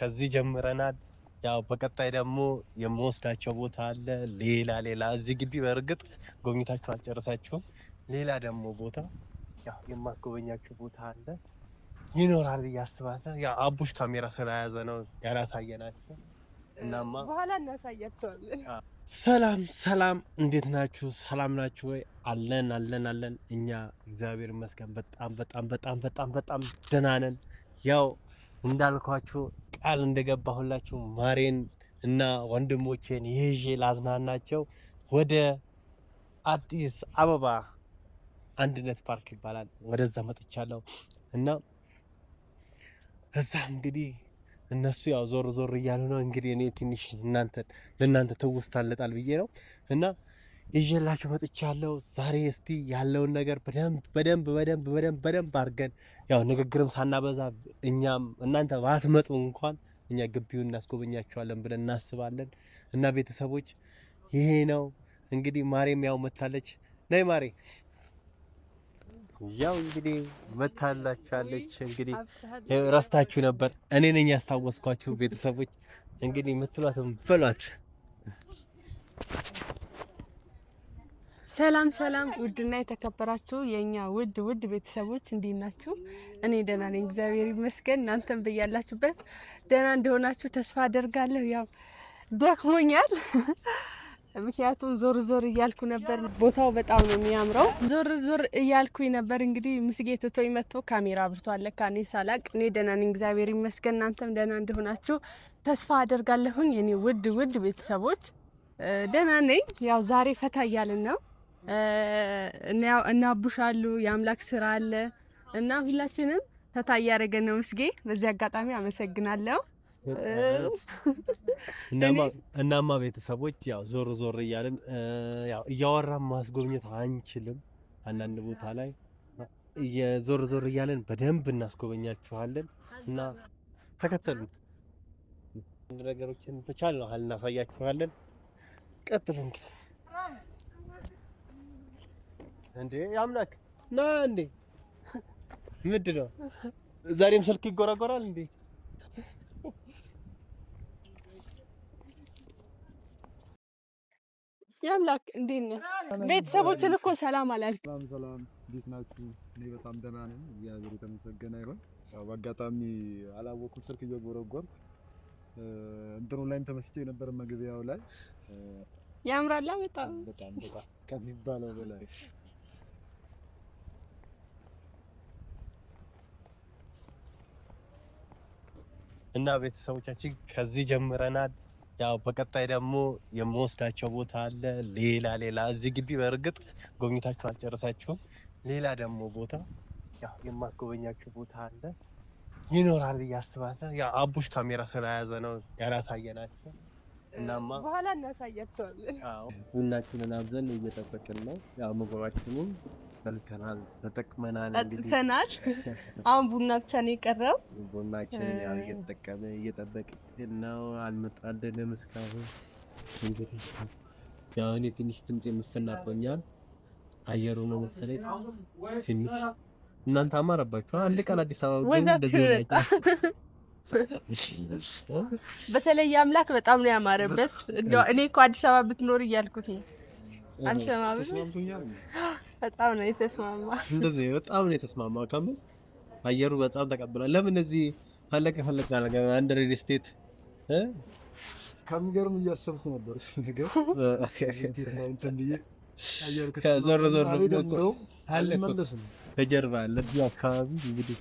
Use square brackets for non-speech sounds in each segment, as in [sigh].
ከዚህ ጀምረናል። ያው በቀጣይ ደግሞ የምወስዳቸው ቦታ አለ፣ ሌላ ሌላ እዚህ ግቢ በእርግጥ ጎብኝታችሁ አልጨርሳችሁም። ሌላ ደግሞ ቦታ ያው የማስጎበኛችሁ ቦታ አለ ይኖራል ብዬ አስባለሁ። ያው አቡሽ ካሜራ ስለያዘ ነው ያላሳየናቸው። እናማ በኋላ እናሳያቸዋለን። ሰላም ሰላም፣ እንዴት ናችሁ? ሰላም ናችሁ ወይ? አለን አለን አለን። እኛ እግዚአብሔር ይመስገን በጣም በጣም በጣም በጣም በጣም ደህና ነን። ያው እንዳልኳችሁ ቃል እንደገባሁላችሁ ማሬን እና ወንድሞቼን ይዤ ላዝናናቸው ወደ አዲስ አበባ አንድነት ፓርክ ይባላል ወደዛ መጥቻለሁ እና እዛ እንግዲህ እነሱ ያው ዞር ዞር እያሉ ነው። እንግዲህ እኔ ትንሽ እናንተ ለእናንተ ትውስታ ልጣል ብዬ ነው እና ይዤላችሁ መጥቻለሁ። ዛሬ እስቲ ያለውን ነገር በደንብ በደንብ በደንብ በደንብ በደንብ አድርገን ያው ንግግርም ሳናበዛ እኛም እናንተ ባትመጡ እንኳን እኛ ግቢውን እናስጎበኛችኋለን ብለን እናስባለን። እና ቤተሰቦች ይሄ ነው እንግዲህ ማሬም ያው መታለች። ነይ ማሬ ያው እንግዲህ መታላችኋለች። እንግዲህ ረስታችሁ ነበር፣ እኔ ነኝ ያስታወስኳችሁ። ቤተሰቦች እንግዲህ የምትሏትም በሏት። ሰላም ሰላም ውድና የተከበራችሁ የእኛ ውድ ውድ ቤተሰቦች እንዴት ናችሁ? እኔ ደህና ነኝ፣ እግዚአብሔር ይመስገን። እናንተም በያላችሁበት ደህና እንደሆናችሁ ተስፋ አደርጋለሁ። ያው ደክሞኛል፣ ምክንያቱም ዞር ዞር እያልኩ ነበር። ቦታው በጣም ነው የሚያምረው። ዞር ዞር እያልኩ ነበር። እንግዲህ ምስጌ ትቶኝ መጥቶ ካሜራ አብርቷል። ለካ እኔ ሳላቅ። እኔ ደህና ነኝ፣ እግዚአብሔር ይመስገን። እናንተም ደህና እንደሆናችሁ ተስፋ አደርጋለሁኝ። የኔ ውድ ውድ ቤተሰቦች ደህና ነኝ። ያው ዛሬ ፈታ እያልን ነው እና የአምላክ ስራ አለ እና ሁላችንም ተታ እያደረገ ነው። ምስጌ በዚህ አጋጣሚ አመሰግናለሁ። እናማ ቤተሰቦች ያው ዞር ዞር እያልን ያው እያወራን ማስጎብኘት አንችልም። አንዳንድ ቦታ ላይ የዞር ዞር እያለን በደንብ እናስጎበኛችኋለን እና ተከተሉ። ነገሮችን ብቻ ነው እናሳያችኋለን። ቀጥሉ እንግዲህ እንዴ ያምላክ ና እንዴ ምንድን ነው ዛሬም ስልክ ይጎራጎራል እንዴ ያምላክ እንዴት ነህ ቤተሰቦችን እኮ ሰላም አላልክ ሰላም ሰላም እንዴት ናችሁ እኔ በጣም ደህና ነኝ እግዚአብሔር የተመሰገነ ይሁን ያው በአጋጣሚ አላወኩም ስልክ እየጎረጎርኩ እንትኑ ላይም ተመስጬ የነበረ መግቢያው ላይ ያምራላ በጣም በጣም በጣም ከሚባለው በላይ እና ቤተሰቦቻችን ከዚህ ጀምረናል። ያው በቀጣይ ደግሞ የምወስዳቸው ቦታ አለ። ሌላ ሌላ እዚህ ግቢ በእርግጥ ጎብኝታችሁ አልጨረሳችሁም። ሌላ ደግሞ ቦታ ያው የማስጎበኛችሁ ቦታ አለ ይኖራል ብዬ አስባለሁ። ያው አቡሽ ካሜራ ስለያዘ ነው ያላሳየናቸው። እናማ በኋላ እናሳያቸዋለን። ቡናችንን አብዘን እየጠበቅን ነው ያው ምግባችንም ፈልተናል፣ ተጠቅመናል፣ ጠጥተናል። [laughs] አሁን ቡና ብቻ ነው የቀረው። ቡናችን ያው እየተጠቀመ እየጠበቅን ነው። አልመጣልንም እስካሁን። እንግዲህ ያው እኔ ትንሽ ድምፅ የምፈናበኛል አየሩ ነው መሰለኝ ትንሽ። እናንተ አማረባችሁ። አንድ ቀን አዲስ አበባ በተለይ አምላክ በጣም ነው ያማረበት። እኔ እኮ አዲስ አበባ ብትኖር እያልኩት ነው። አልሰማም በጣም ነው የተስማማ። እንደዚህ በጣም ነው የተስማማ። ከምል አየሩ በጣም ተቀብሏል። ለምን እዚህ ፈለቀ ፈለቀ ነገር አንድ ሪል ስቴት ከሚገርም እያሰብኩ ነበር እሱ ነገር ከዞር ዞር አልመለስም። ከጀርባ ለዚህ አካባቢ እንግዲህ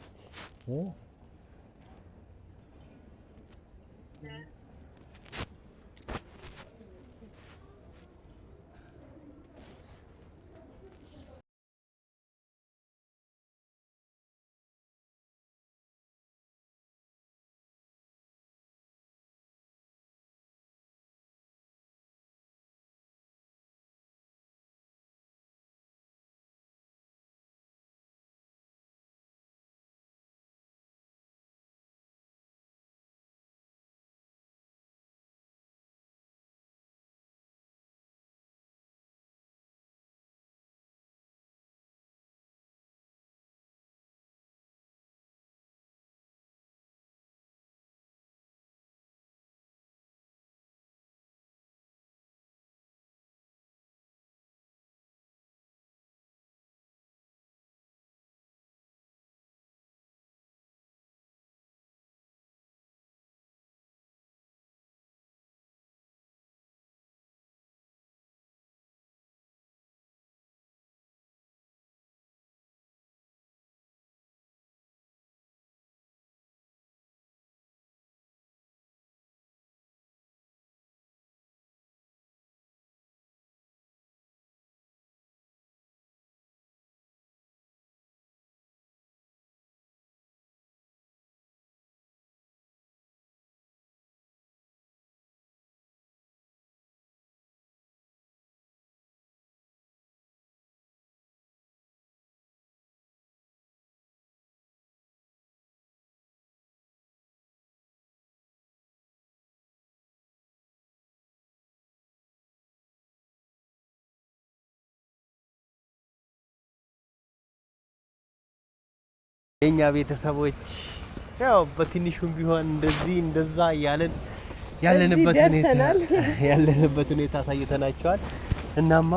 የኛ ቤተሰቦች ያው በትንሹም ቢሆን እንደዚህ እንደዛ እያለን ያለንበት ሁኔታ [laughs] ያለንበት ሁኔታ አሳይተናቸዋል። እናማ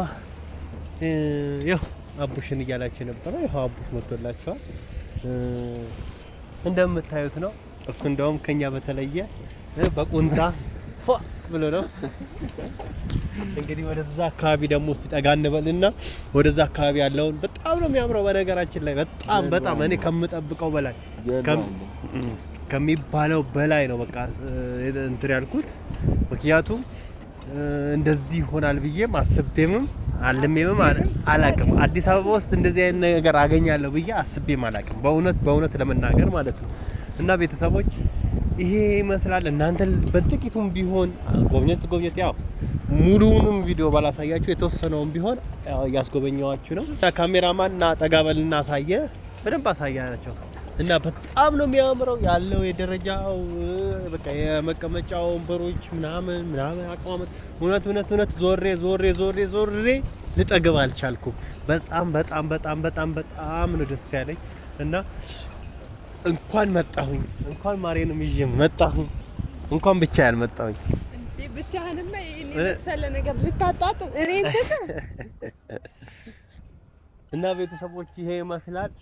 ያው አቡሽን እያላችሁ ነበረ። ያው አቡሽ መጥቶላቸዋል እንደምታዩት ነው። እሱ እንደውም ከኛ በተለየ በቁንጣ ብሎ ነው [laughs] እንግዲህ ወደዛ አካባቢ ደግሞ እስቲ ጠጋ እንበልና ወደዛ አካባቢ ያለውን በጣም ነው የሚያምረው። በነገራችን ላይ በጣም በጣም እኔ ከምጠብቀው በላይ ከሚባለው በላይ ነው በቃ እንትን ያልኩት። ምክንያቱም እንደዚህ ይሆናል ብዬም አስቤምም አልሜምም አላቅም። አዲስ አበባ ውስጥ እንደዚህ አይነት ነገር አገኛለሁ ብዬ አስቤም አላቅም፣ በእውነት በእውነት ለመናገር ማለት ነው እና ቤተሰቦች ይሄ ይመስላል። እናንተ በጥቂቱም ቢሆን ጎብኘት ጎብኘት ያው ሙሉውንም ቪዲዮ ባላሳያችሁ የተወሰነውም ቢሆን እያስጎበኘዋችሁ ነው። ካሜራማን እና ጠጋበል እናሳየ በደንብ ናቸው እና በጣም ነው የሚያምረው ያለው የደረጃው በቃ የመቀመጫ ወንበሮች ምናምን ምናምን አቀማመጥ እውነት እውነት እውነት ዞሬ ዞሬ ዞሬ ዞሬ ልጠግብ አልቻልኩም። በጣም በጣም በጣም በጣም በጣም ነው ደስ ያለኝ እና እንኳን መጣሁኝ፣ እንኳን ማሬንም ይዤ መጣሁኝ፣ እንኳን ብቻ ያልመጣሁኝ እንዴ! ብቻህንማ ይሄን የመሰለ ነገር ልታጣጡ እኔ እና ቤተሰቦች ይሄ ይመስላል።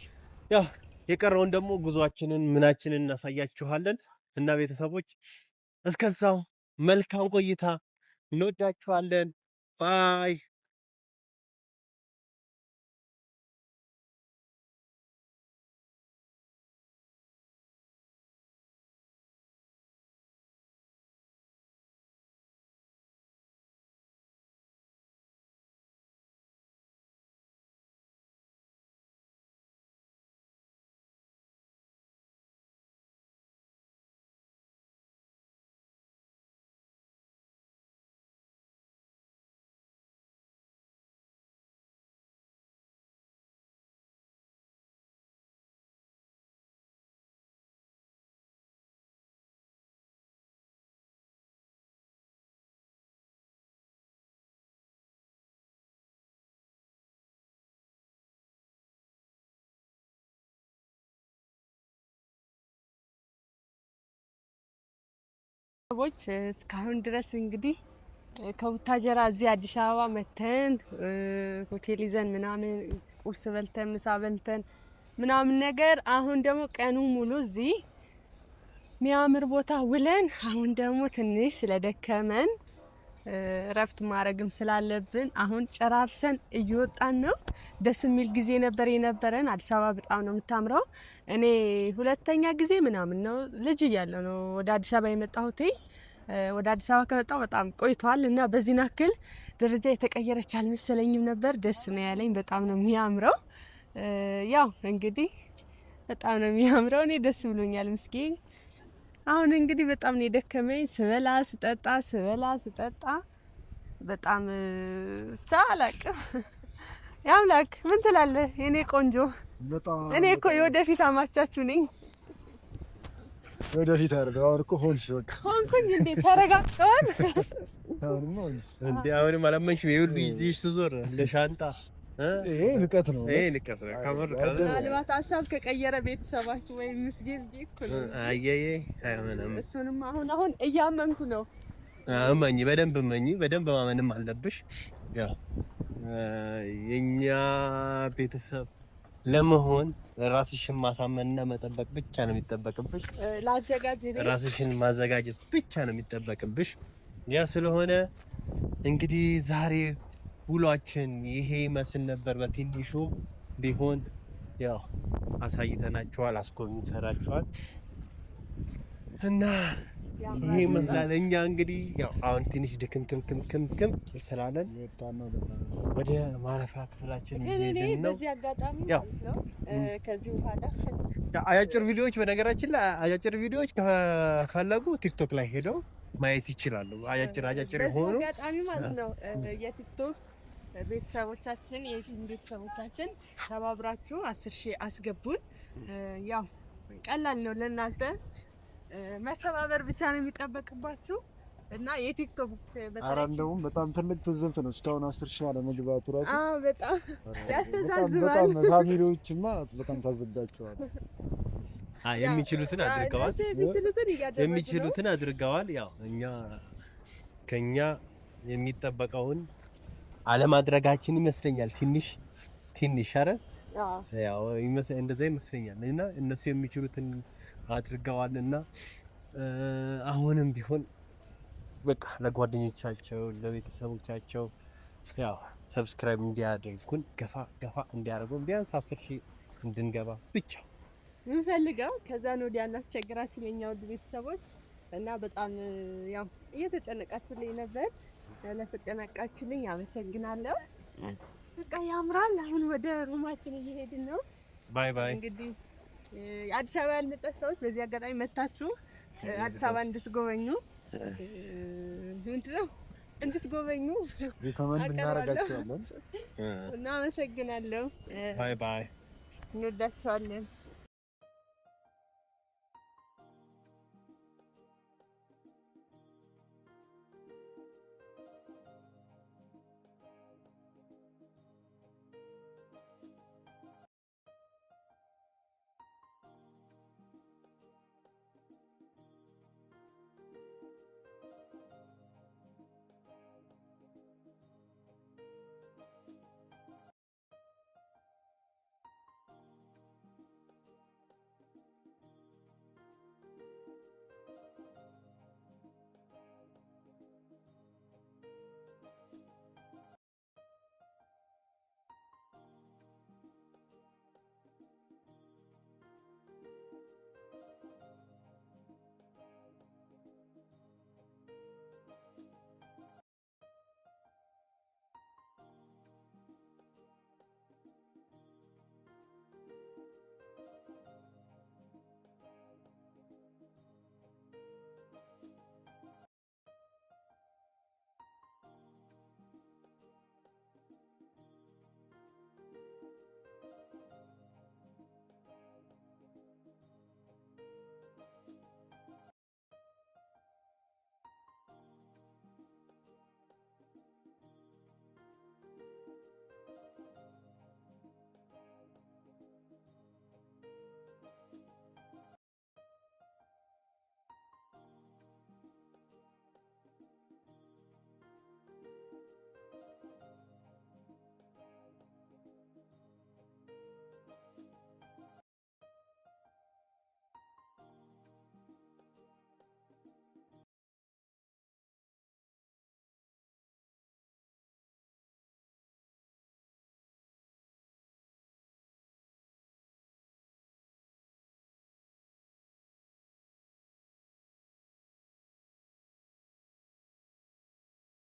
ያው የቀረውን ደግሞ ጉዟችንን ምናችንን እናሳያችኋለን። እና ቤተሰቦች እስከዛው መልካም ቆይታ፣ እንወዳችኋለን። ባይ ሰዎች እስካሁን ድረስ እንግዲህ ከቡታጀራ እዚህ አዲስ አበባ መተን ሆቴል ይዘን ምናምን ቁርስ በልተን ምሳ በልተን ምናምን ነገር አሁን ደግሞ ቀኑ ሙሉ እዚህ የሚያምር ቦታ ውለን አሁን ደግሞ ትንሽ ስለደከመን እረፍት ማድረግም ስላለብን አሁን ጨራርሰን እየወጣን ነው። ደስ የሚል ጊዜ ነበር የነበረን። አዲስ አበባ በጣም ነው የምታምረው። እኔ ሁለተኛ ጊዜ ምናምን ነው ልጅ እያለ ነው ወደ አዲስ አበባ የመጣሁት። ወደ አዲስ አበባ ከመጣሁ በጣም ቆይተዋል እና በዚህን ያክል ደረጃ የተቀየረች አልመሰለኝም ነበር። ደስ ነው ያለኝ። በጣም ነው የሚያምረው። ያው እንግዲህ በጣም ነው የሚያምረው። እኔ ደስ ብሎኛል። ምስኪን አሁን እንግዲህ በጣም ነው የደከመኝ። ስበላ ስጠጣ ስበላ ስጠጣ በጣም ብቻ አላቅም። ያምላክ ምን ትላለህ የኔ ቆንጆ? እኔ እኮ የወደፊት አማቻችሁ ነኝ። ወደፊት አይደል አሁን እኮ ሆንሽ በቃ ሆንኩኝ። እንዴ ተረጋግጠዋል። አሁንም አላመንሽም። ይኸውልሽ ስትዞር እንደ ሻንጣ ይሄ ንቀት ነው። ይሄ ንቀት ነው። ከምር ምናልባት ሀሳብ ከቀየረ ቤተሰባችሁ ወይም ምስጊን ቢኩል እሱንም አሁን አሁን እያመንኩ ነው። በደንብ በደንብ ማመንም አለብሽ። ቤተሰብ ለመሆን ራስሽን ማሳመንና መጠበቅ ብቻ ነው የሚጠበቅብሽ። ራስሽን ማዘጋጀት ብቻ ነው የሚጠበቅብሽ። ያ ስለሆነ እንግዲህ ዛሬ ውሏችን ይሄ ይመስል ነበር። በትንሹ ቢሆን ያው አሳይተናችኋል፣ አስጎብኝተናችኋል እና ይሄ ይመስላል። እኛ እንግዲህ ያው አሁን ትንሽ ድክምክምክምክም ስላለን ወደ ማረፊያ ክፍላችን ሄድን ነው። አጫጭር ቪዲዮዎች በነገራችን ላይ አጫጭር ቪዲዮዎች ከፈለጉ ቲክቶክ ላይ ሄደው ማየት ይችላሉ። አጫጭር አጫጭር የሆኑ ነው የቲክቶክ ቤተሰቦቻችን የፊልም ቤተሰቦቻችን ተባብራችሁ አስር ሺህ አስገቡን። ያው ቀላል ነው ለእናንተ መተባበር ብቻ ነው የሚጠበቅባችሁ እና የቲክቶክ ኧረ እንደውም በጣም ትልቅ ትዝብት ነው። እስካሁን አስር ሺህ አለመግባቱ ራሱ በጣም ያስተዛዝባል። ፋሚሊዎችማ በጣም ታዘብዳቸዋል። የሚችሉትን አድርገዋል፣ የሚችሉትን አድርገዋል። ያው እኛ ከኛ የሚጠበቀውን አለማድረጋችን ይመስለኛል ትንሽ ትንሽ አረ ያው እንደዛ ይመስለኛል እና እነሱ የሚችሉትን አድርገዋል እና አሁንም ቢሆን በቃ ለጓደኞቻቸው ለቤተሰቦቻቸው ያው ሰብስክራይብ እንዲያደርጉን ገፋ ገፋ እንዲያደርጉን ቢያንስ አስር ሺህ እንድንገባ ብቻ ምንፈልገው ከዛ ነው ወዲያ እናስቸግራችሁ የኛ ውድ ቤተሰቦች እና በጣም ያው እየተጨነቃችሁ ላይ ነበር ለተጨነቃችልኝ አመሰግናለሁ። በቃ ያምራል። አሁን ወደ ሩማችን እየሄድን ነው። ባይ ባይ። እንግዲህ አዲስ አበባ ያልመጣች ሰዎች በዚህ አጋጣሚ መታችሁ አዲስ አበባ እንድትጎበኙ ምንድን ነው እንድትጎበኙ እናመሰግናለሁ። ባይ ባይ። እንወዳቸዋለን።